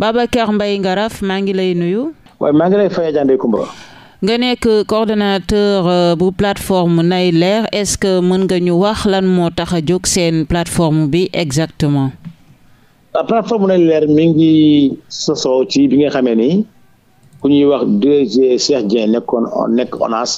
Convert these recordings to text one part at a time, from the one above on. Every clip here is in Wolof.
Babacar mbay Ngaraf maa ngi lay nuyu. waaye maa ngi lay fay Adja Ndeye Comba. nga nekk coordonnateur euh, bu plateforme Nay Leer est-ce que mën nga ñu wax lan moo tax a jóg seen plateforme bi exactement. la plateforme Nay Leer mi ngi sosoo ci bi nga xamee ni ku ñuy wax DG Cheikh Dieng nekk ONAS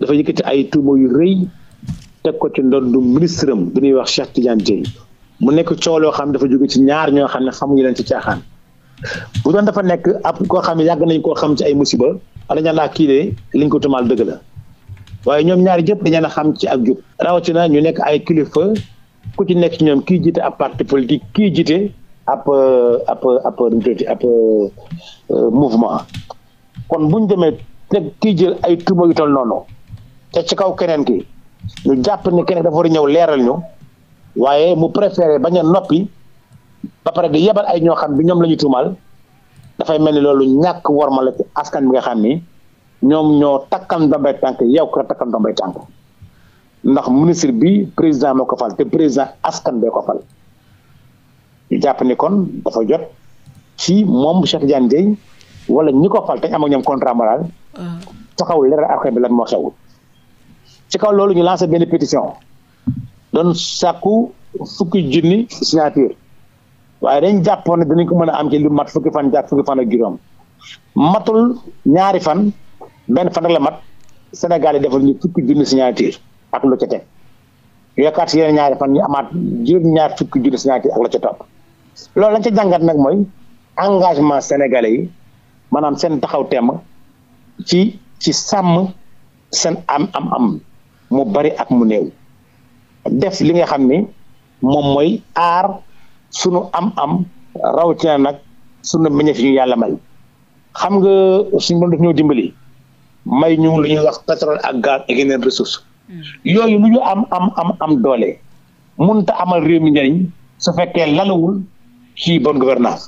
dafa yëkkati ay tuuma yu rëy te ko ci ndoddu ministre am bi ñuy wax Cheikh Tidiane Dièye mu nekk coow loo xam dafa jóge ci ñaar ñoo xam ne xamuñu lañ ci caaxaan. bu doon dafa nekk ab koo xam ne yàgg nañ koo xam ci ay musiba wala ñaan laa kii de liñ ko dëgg la waaye ñoom ñaar jëpp dañu a xam ci ak jub rawatina ñu nekk ay kilifa ku ci nekk ci ñoom kii jiite ab parti politique kii jiite ab ab ab ab euh, mouvement kon bu ñu demee nag kii jël ay tuuma yu noonu te ci kaw keneen ki ñu jàpp ni keneen dafa war ñëw leeral ñu waaye mu préféré bañ a noppi. ba pare di ay ñoo xam bi ñoom la ñu tuumal dafay mel ni loolu ñàkk worma la askan bi nga xam ni ñoom ñoo takkan ndombay tànk yow ko takkan ndombay tànk ndax ministre bi président moo ko fal te président askan bee ko fal ñu jàpp ni dafa jot ci moom Cheikh Tidiane Dièye wala ñi ko fal te am ak ñoom contrat moral ah. taxaw leeral askan bi lan moo xew ci kaw loolu ñu lancé benn pétition doon sàkku fukki junni signature waaye dañ jàppoon ne dinañ ko mën a am ci lu mat fukki fan jàpp fukki fan a juróom matul ñaari fan benn fan rek la mat Sénégal yi defal ñu fukki junni signature ak lu ca teg yokkaat si yeneen ñu amaat ñaar fukki junni signature ak la ca topp loolu lañ ca jàngat nag mooy engagement sénégalais yi maanaam seen taxaw temm ci ci sàmm seen am am am mu bari ak mu néew def li nga xam ni moom mooy aar. sunu am-am rawatina nag sunu meññeef fi ñu yàlla may xam nga suñu mën daf dimbali may ñu lu ñuy wax pétrole ak gaz ak yeneen ressources hmm. yooyu lu ñu am am am am doole mënut a amal réew mi njëriñ su fekkee lalawul ci bon gouvernance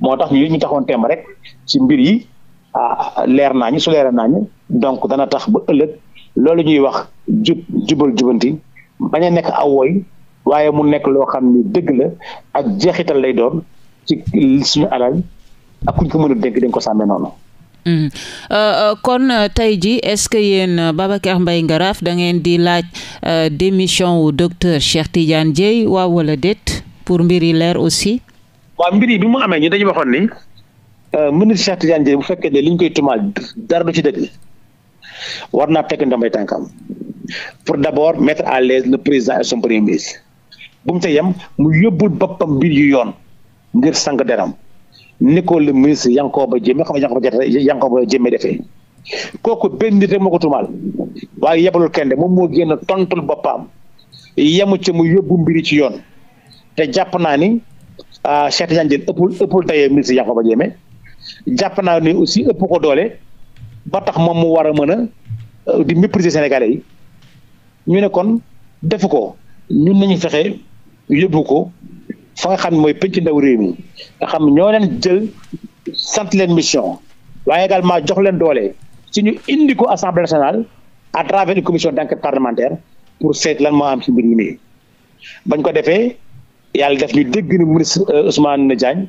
moo tax ñu ñu taxoon teem rek ci mbir yi ah, leer naa ñu su na ñu donc dana tax ba ëllëg loolu ñuy wax jub jubal jubanti bañ nekk aw woy waaye mu nekk loo xam ni dëgg la ak jeexital lay doon ci suñu alal ak kuñ ko mën a dañ ko sàmmee noonu. Hmm. Euh, euh, kon euh, tey jii est-ce que yéen Babacar Mbaye Ngaraf da ngeen di laaj euh, démission wu docteur Cheikh Tidiane Dièye waaw wala déet pour mbir yi leer aussi. waaw mbir bi mu amee ñu dañu waxoon ni ministre Cheikh Tidiane Dièye bu fekkee ne li koy tumaal dara du ci dëgg war naa tekk ndombay tànkam pour d'abord mettre à l'aise le président et son premier bu mu ca yem mu yóbbul boppam mbir yu yoon ngir sang deram ni ko le ministre Yankhoba Diémé xam nga Yankhoba Diémé Yankhoba Diémé defee kooku benn nit rek moo ko tumaal waaye yebalul kenn de moom moo génn tontul boppam yemu ci mu yóbbu mbiri ci yoon te jàpp naa ni ah, Cheikh Tidiane Dièye ëppul ëppul tey ministre Yankhoba Diémé jàpp naa ni aussi ëpp ko doole ba tax moom mu war a mën a di mépriser Sénégalais yi ñu ne kon defu ko ñun nañu fexe yóbbu ko fa xam mooy penc ndaw réew mi nga xam ñoo leen jël sant leen mission waaye également jox leen doole ci ñu indi ko assemblée nationale à travers une commission d'enquête parlementaire pour seet lan moo am ci mbir mi bañ ko defee yàlla def ñu dégg ni ministre euh, Ousmane Diagne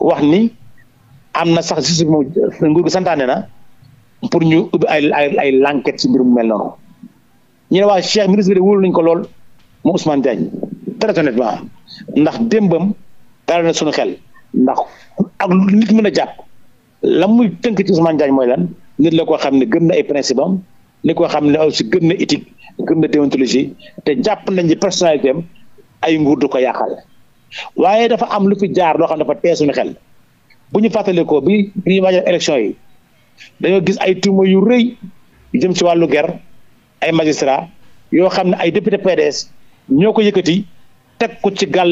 wax ni am na sax justice moom nguur gi santaane na pour ñu ubbi ay ay ay l'enquête ci mbir mu mel noonu ñu ne waa Cheikh ministre de wóolu nañu ko lool moom Ousmane Diagne très honnêtement ndax démbam dara na suñu xel ndax ak nit mën a jàpp la muy tënk ci Ousmane Diagne mooy lan nit la koo xam ne gën na ay principe ni koo xam ne aussi gën na éthique gën na déontologie te jàpp nañ ni personnalité ay nguur du ko yàqal waaye dafa am lu fi jaar loo xam ne dafa tee suñu xel bu ñu fàttalikoo bi bi ñuy waajal élection yi dañoo gis ay tuuma yu rëy jëm si wàllu ger ay magistrat yoo xam ne ay député PDS ñoo ko yëkkati teg ko ci gal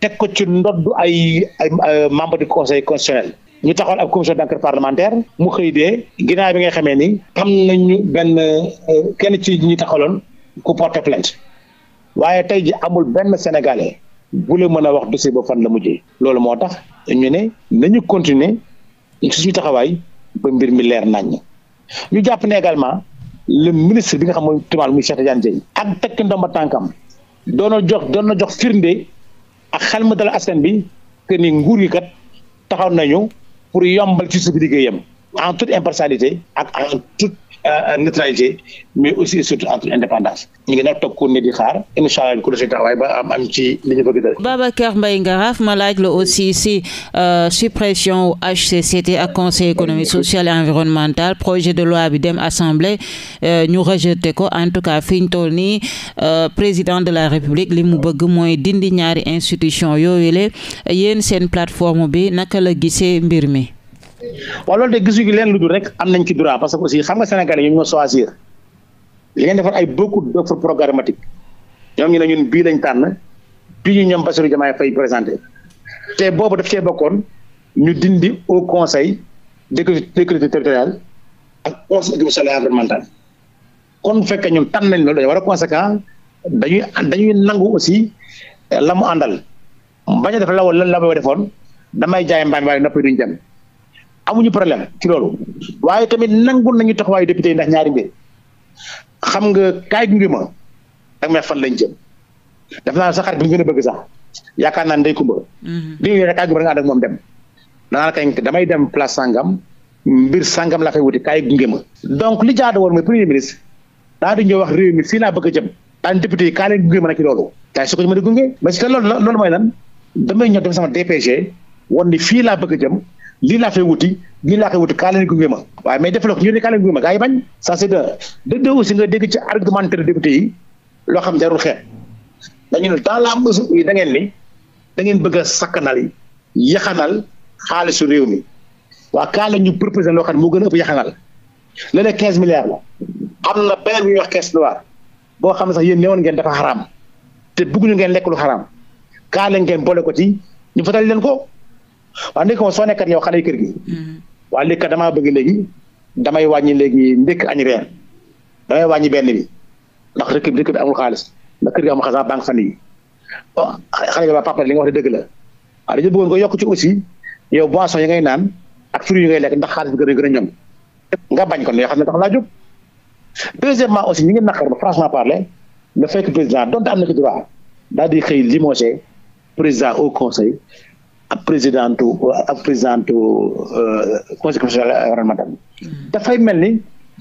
teg ko ci ndodd ay ay membre du conseil constitutionnel ñu taxawal ab commission d'enquête parlementaire mu xëy dee ginnaaw bi nga xamee ni am nañu benn euh, kenn ci ñi taxawaloon ku porter plainte waaye tey ji amul benn sénégalais bu la mën a wax dossier ba fan la mujjee loolu moo tax ñu ne nañu continuer suñu taxawaay ba mbir mi leer nañ ñu jàpp ne également le ministre bi nga xam mooy tumaal muy Cheikh Tidiane Dièye ak tekk ndomba tànkam doon na jox doon na jox firnde ak xel mu dal askan bi que ni nguur gi kat taxaw nañu pour yombal ci suuf liggéeyam en toute impartialité ak en toute Euh, neutralité mais aussi surtout entre ngi nag toog ko ne di xaar incha ma laaj la aussi si euh, suppression HCCT ak conseil économique social et projet de loi bi dem assemblée euh, ñu rejeté ko en tout cas fi ñu toll nii président de la république li mu bëgg mooy dindi ñaari institution yooyu le yéen seen plateforme bi naka la gisee mbir mi waaw loolu de gisuñu leen lu dul rek am nañ ci droit parce que aussi xam nga Sénégal yi ñoom ñoo choisir li ngeen defar ay beaucoup d'offres programmatiques ñoom ñu ne ñun bii lañ tànn bii ñu ñoom Bassirou Diomaye Faye présenté te boobu daf cee bokkoon ñu dindi au conseil d'équité territoriale ak conseil social environnemental kon fekk ñoom tànn nañ loolu dañu war a dañuy dañuy nangu aussi eh, la mu àndal bañ a def la la la defoon damay jaay mbaam waaye noppi duñ jëm. amuñu problème ci loolu waaye tamit nangul nañu taxawaayu député yi ndax ñaari mbir xam nga kaay gunge ma ak may lañ jëm def naa saxaar bi gën bëgg sax yaakaar naa kumba bi ñu ne kaay gunge ma nga ànd ak moom dem danaa kay damay dem place sangam mbir sangam laa fay wuti kaay gunge ma donc li jaadu woon mooy premier ministre daa di ñëw wax réew mi fii laa bëgg jëm daan député yi kaa leen gunge ma na ci loolu kaay ko ñu mën a gunge mais si loolu loolu mooy lan damay ñëw dem sama DPG wan ni fii laa bëgg a jëm lii laa fay wuti lii laa koy wuti kaa leen gunge ma waaye mais defaloo ko ñu ne kaa leen gunge ma gaa yi bañ ça c'est de de aussi nga dégg ci argumentaire député yi loo xam jarul xeet dañu ne dans la yi da ngeen ni da ngeen bëgg a sakkanal yi yaxanal xaalisu réew mi waa kaa la ñu proposé loo xam ne moo gën a ëpp yaxanal lële 15 milliards la am na beneen bu wax caisse noire boo xam ne sax yéen newoon ngeen dafa xaraam te bëgguñu ngeen lekk lu xaraam kaa leen ngeen boole ko ci ñu fatal leen ko waaw léegi moom soo nekkat yow xale yu kër gi. Mm. waa léegi kat damaa bëgg léegi damay wàññi léegi ndekk añ reer damay wàññi benn bi ndax dëkk bi dëkk xaalis ndax kër gi amul xaalis banque fan yi xale bi waa papa li nga wax de dëgg la ko yokk ci aussi yow boisson yi ngay naan ak fruits ndax xaalis a gën a nga bañ ko yoo xam ne tax laa jóg deuxièmement aussi ñi ngi naqar ba franchement parler le fait que président donte am na ko droit daal di xëy limogé président au conseil ak présidente ak présidente euh, conseil constitutionnel environnemental dafay mel ni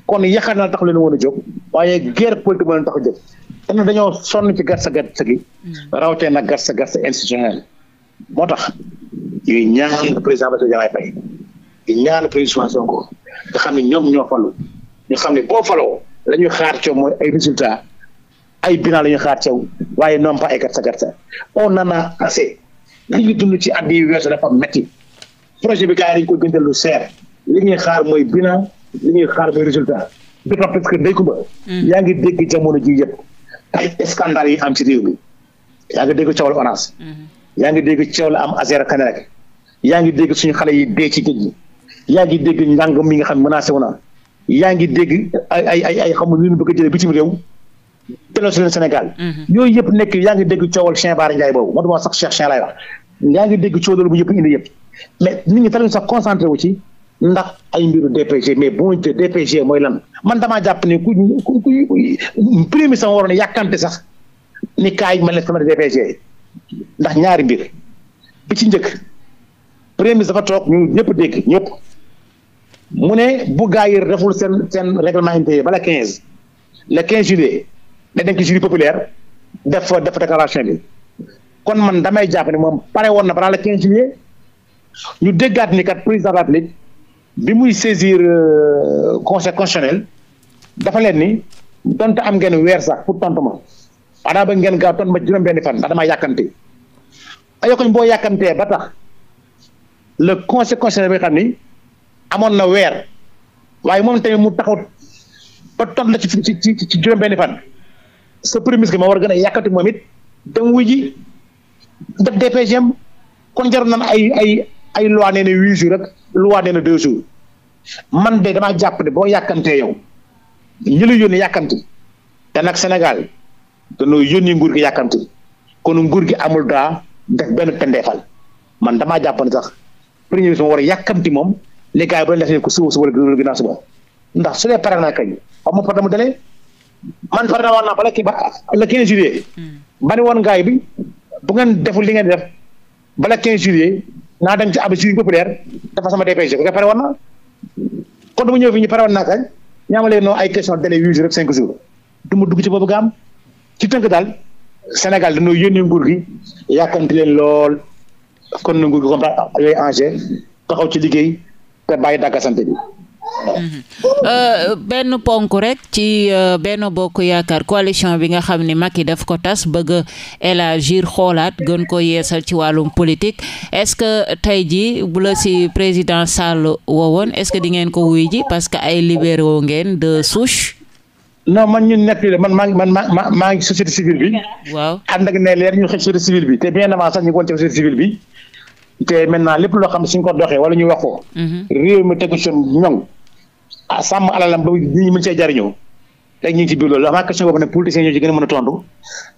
kon yaakaar naa tax leen woon a jóg waaye guerre politique moo tax a jóg dana dañoo sonn ci garsa garsa gi mm. rawtee nag garsa garsa institutionnel moo tax yuy ñaan président Bassirou Diomaye Faye di ñaan président Sonko nga ñoom ñoo ñu xam ne boo faloo xaar ci mooy ay résultats ay bilan la xaar ci waaye non pas ay garsa garsa on en a li ñu dund ci at yi weesu dafa metti projet bi gars ko jëndal lu seer li ñuy xaar mooy bilan li xaar résultat d'autant plus ba. yaa ngi dégg jamono ji yëpp ay scandale yi am ci réew mi yaa ngi dégg coowal Orange. Hmm. yaa ngi dégg coow la am Azera Kanarek yaa ngi dégg suñu xale yi dee ci géej yaa ngi dégg njàng mi nga xam menacé wu na yaa ngi dégg ay ay ay ay xam nga ñu bëgg a jëlee bitim réew. delloo si leen Sénégal. Mm-hmm. yooyu yëpp nekk yaa ngi dégg coowal Cheikh Bara Ndiaye boobu moo du ma sax Cheikh Cheikh yaa ngi dégg coow bu yëpp indi yëpp mais nit ñi tamit sax concentré wu ci ndax ay mbiru ma jëlee mooy lan man damaa jàpp ne ku ku ku premier sama waroon yàkkante sax ni kaay ma leen sama DPG ndax ñaari mbir bi ci njëkk premier ministre dafa toog ñu ñëpp dégg ñëpp mu ne bu gaa yi deful seen seen règlement intérieur ba le quinze le quinze juillet. da dem ci jury populaire def fa def déclaration bi kon man damay jàpp ne moom pare woon na balaa le 15 juillet ñu déggaat ni kat président de la République bi muy saisir euh, conseil constitutionnel dafa leen ni donte am ngeen weer sax pour tontu ma xanaa ba ngeen gaaw tontu ma juróom-benni fan ndax damaa yàkkamte ayoo koñ boo yàkkamtee ba tax le conseil constitutionnel bi xam ni amoon na weer waaye moom tamit mu taxaw ba tontu la ci ci ci juróom-benni fan. sa premier ministre ma war a yàkkati moom it dem wuy ji def DPG am kon jar nan ay ay ay loi nee na huit jours rek na deux jours man de damaa jàpp ne boo yàkkantee yow ñu yoon yónni yàkkanti te nag Sénégal dañoo yónni nguur gi yàkkanti kon nguur gi amul daa def benn pendeefal man damaa jàpp ne sax premier ministre ma war a yàkkanti moom les gars yi ba ñu def ko suba suba wala ginnaaw ndax su dee pare naa kañ xaw ma problème mu man far na woon naa ba la kii hmm. ba le 15 juillet. ba ne bi bu ngeen deful li ngeen def ba le 15 juillet naa dem ci ab jury populaire dafa sama DPG nga pare woon na kon du ñëw fi ñu pare woon naa kañ ñu noo ay question délai huit jours ak cinq jours du ma dugg ci boobu gaam ci tënk daal Sénégal dañoo yónni nguur gi yàkkamti leen lool kon na nguur gi comprendre yooyu enjeu taxaw ci liggéey te bàyyi dàggasante bi. Mhm. Euh, benn ponk rek ci euh, Benno Bokk Yaakaar coalition bi nga xam ni Macky daf ko tas bëgg a élargir xoolaat gën ko yeesal ci wàllum politique est-ce que tey ji bu la si président Sall woowoon est-ce que di ngeen ko wuy ji parce que ay libéraux ngeen de souche. non man ñun nekk man maa ngi man maa maa ngi société civile bi. waaw ànd ak ne leer ñu xëy société civile bi te bien avant sax ñu ngi woon ci société civile bi te maintenant lépp loo xam ne suñ ko doxee wala ñu wax ko. Mhm. réew mi tegu ci ñoŋ. ah sàmm alalam ba nit ñi mën cee jariñoo ñu ngi ci la xam question boobu nag politiciens ñoo ci gën a mën a tontu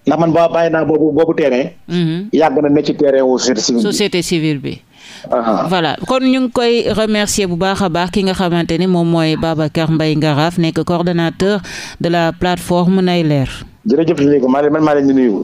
ndax man ba bàyyi naa boobu boobu terrain. Mhm. yàgg na ne ci terrain wu société civile bi société bi. voilà kon ñu ngi koy remercier bu baax a baax ki nga xamante ni moom mooy Babacar Mbaye Ngaraf nekk coordonnateur de la plateforme Nay Leer. jërëjëf léegi man ma leen di nuyu.